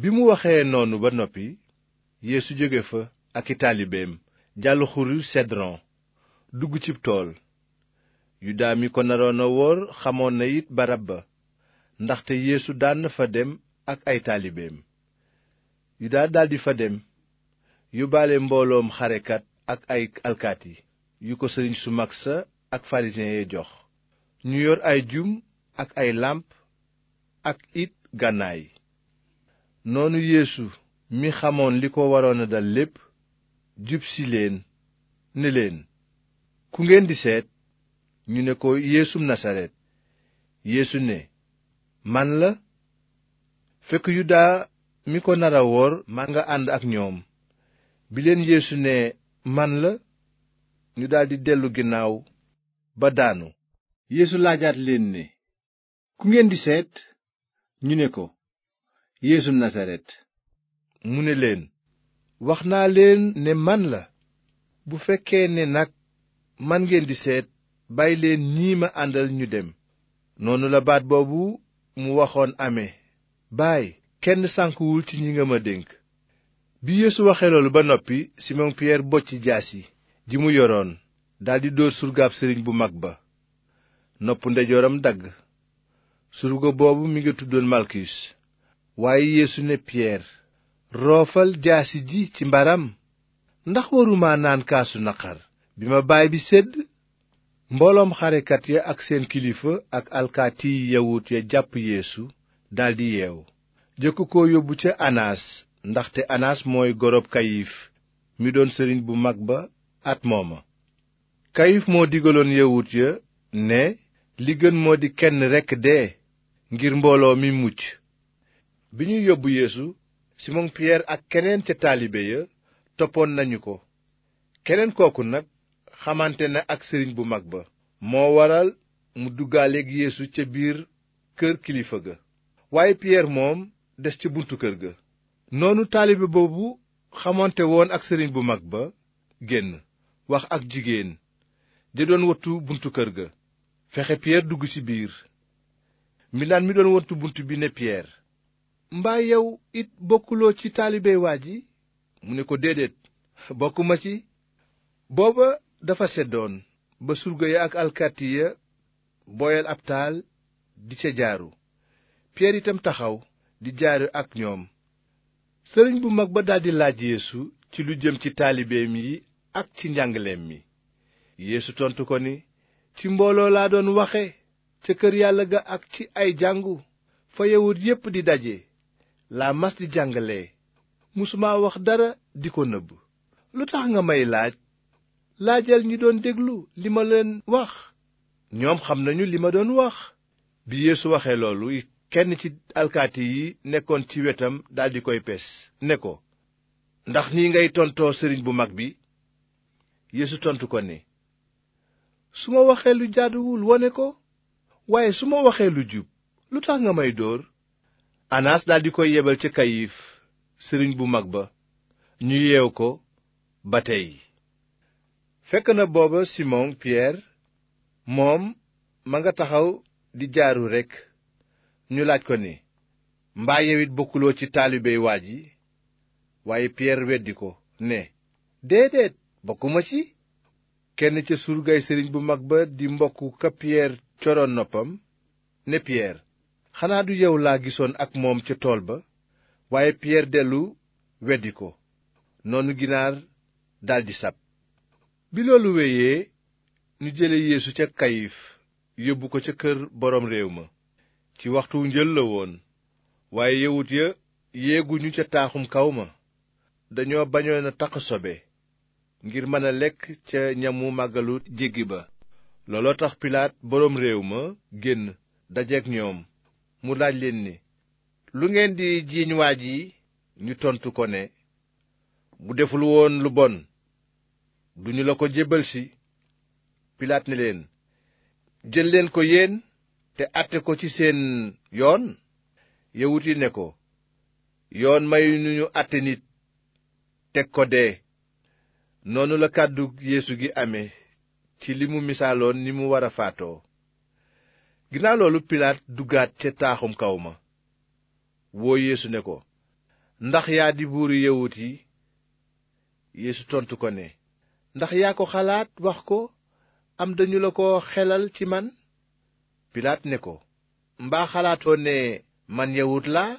bi mu waxee noonu ba noppi yéesu jóge fa ak i taalibeem jàll xuru sedron dugg cib tool Yudaa mi ko naroon a wóor xamoon na it barab ba ndaxte yéesu daan fa dem ak ay taalibeem Yudaa daldi fa dem yóbbaale mbooloom xarekat ak ay alkaati yu ko sëriñ su mag sa ak farisiyen ya jox ñu yor ay jum ak ay làmp ak it gànnaay noonu yeesu mi xamoon li ko waroon a dal lépp jubsi leen ne leen ku ngeen di seet ñu ne ko yeesum nasaret yéesu ne man la fekk yudaa mi ko nara woor ma nga ànd ak ñoom bi leen yeesu ne man la ñu daldi dellu ginnaaw ba daanu yéesu laajaat leen ne ku ngeen di seet ñu ne ko yeesu nasaret mu ne leen wax naa leen ne man la bu fekkee ne nag man ngeen di seet bàyyi leen ñii ma àndal ñu dem noonu la baat boobu mu waxoon ame baay kenn sànkuwul ci ñi nga ma dénk bi yeesu waxee loolu ba noppi simon piyeer bocci yi ji mu yoroon daldi dóor surgaab sëriñ bu mag ba noppu ndeyjooram dagg surga boobu mi ngi tuddoon malkus waaye Yeesu ne Piyeer roofal jaasi ji ci mbaram ndax waruma naan kaasu naqar bi ma baay bi sédd mbooloom xarekat ya ak seen kilifa ak alkaati yawut ya jàpp Yeesu daldi yeew jëkk ko yóbbu ca Anaas ndaxte Anaas mooy gorob Kayif mi doon sëriñ bu mag ba at mooma Kayif moo digaloon yawut ya ne li gën moo di kenn rekk dee ngir mbooloo mi mucc bi ñuy yóbbu yéesu simon piyeer ak keneen ca taalibe ya toppoon nañu ko keneen kooku nag xamante na ak sëriñ bu mag ba moo waral mu duggaaleeg yeesu ca biir kër kilifa ga waaye piyeer moom des ca buntu kër ga noonu taalibe boobu xamante woon ak sëriñ bu mag ba génn wax ak jigéen di doon wattu buntu kër ga fexe piyeer dugg ci biir mbindaan mi doon wattu bunt bi ne piyeer mbaa yow it bokkuloo ci taalibe waa ji mu ne ko déedéet bokkuma ci booba dafa seddoon ba surga ya ak alkati ya booyal ab taal di ca jaaru piyeer itam taxaw di jaaru ak ñoom sëriñ bu mag ba daldi laaj yeesu ci lu jëm ci taalibeem yi ak ci njàngaleem mi yeesu tontu ko ni ci mbooloo laa doon waxe ca kër yàlla ga ak ci ay jàngu fa yawut yépp di daje laa mas di jàngale musuma wax dara di ko nëbb lu tax nga may laaj laajal ñi doon déglu li ma leen wax ñoom xam nañu li ma doon wax bi yéesu waxee loolu kenn ci alkaati yi nekkoon ci wetam daldi koy pes ne ko ndax nii ngay tontoo sëriñ bu mag bi yéesu tontu ko ne su ma waxee lu jaaduwul wone ko waaye su ma waxee lu jub lu tax nga may dóor anaas daldi koy yebal ca kayif sëriñ bu mag ba ñu yeew ko ba tey fekk na booba simon piyeer moom ma nga taxaw di jaaru rekk ñu laaj ko ni mbaa yewit bokkuloo ci taalibey waa ji waaye piyeer weddi ko ne déedéet bokkuma ci kenn ca surgaay sëriñ bu mag ba di mbokku ka piyeer coroon noppam ne piyeer xanaa du yow laa gisoon ak moom ca tool ba waaye piyeer dellu weddi ko noonu ginaar daldi sab bi loolu wéyee ñu jële yeesu ca kayif yóbbu ko ca kër boroom réew ma ci waxtu njël la woon waaye yawut ya yéeguñu ca taaxum kaw ma dañoo bañoon taq sobe ngir mën a lekk ca ñamu màggalu jéggi ba looloo tax pilaat boroom réew ma génn dajeek ñoom mu laaj leen ni lu ngeen di jiiñ waa ji ñu tontu ko ne bu deful woon lu bon duñu la ko jébbal si pilaat ne leen jël leen ko yéen te àtte ko ci seen yoon yawut yi ne ko yoon mayuñu ñu àtte nit teg ko dee noonu la kàddu yéesu gi ame ci li mu misaaloon ni mu war a faatoo ginnaaw loolu pilaat duggaat ca taaxum kaw ma woo yéesu ne ko ndax yaa di buuru yawut yi yéesu tontu ko ne ndax yaa ko xalaat wax ko am dañu la ko xelal ci man pilaat ne ko mbaa xalaatoo ne man yawut laa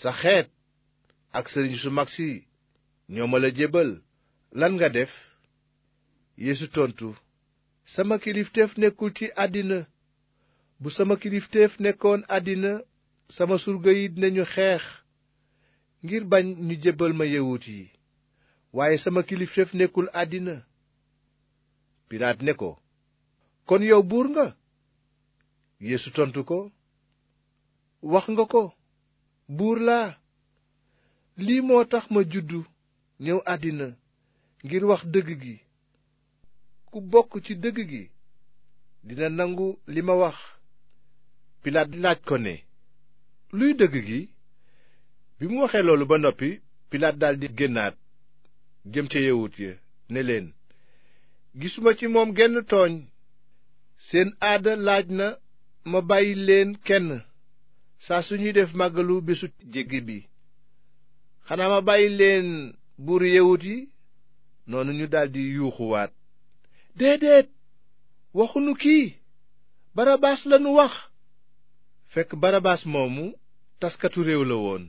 sa xeet ak sëriñ su mag si ñoo ma la jébbal lan nga def yeesu tontu sama kilifteef nekkul ci àddina bu sama kilifteef nekkoon àddina sama surga yi dinañu xeex ngir bañ ñu jébbal ma yawut yi waaye sama kilifteef nekkul àddina Pilaat ne ko kon yow buur nga Yeesu tontu ko wax nga ko buur laa lii moo tax ma juddu ñëw àddina ngir wax dëgg gi ku bokk ci dëgg gi dina nangu li ma wax pilaat laaj ko ne luy dëgg gi bi mu waxee loolu ba noppi pilaat daldi génnaat jëm ca yawut ya ne leen gisuma ci moom genn tooñ seen aada laaj na ma bàyyi leen kenn saa suñuy def màggalu bésu jéggi bi xanaa ma bàyyi leen buuru yawut yi noonu ñu daldi yuuxuwaat déedéet waxunu kii barabaas lanu wax fekk barabaas moomu taskatu réew la woon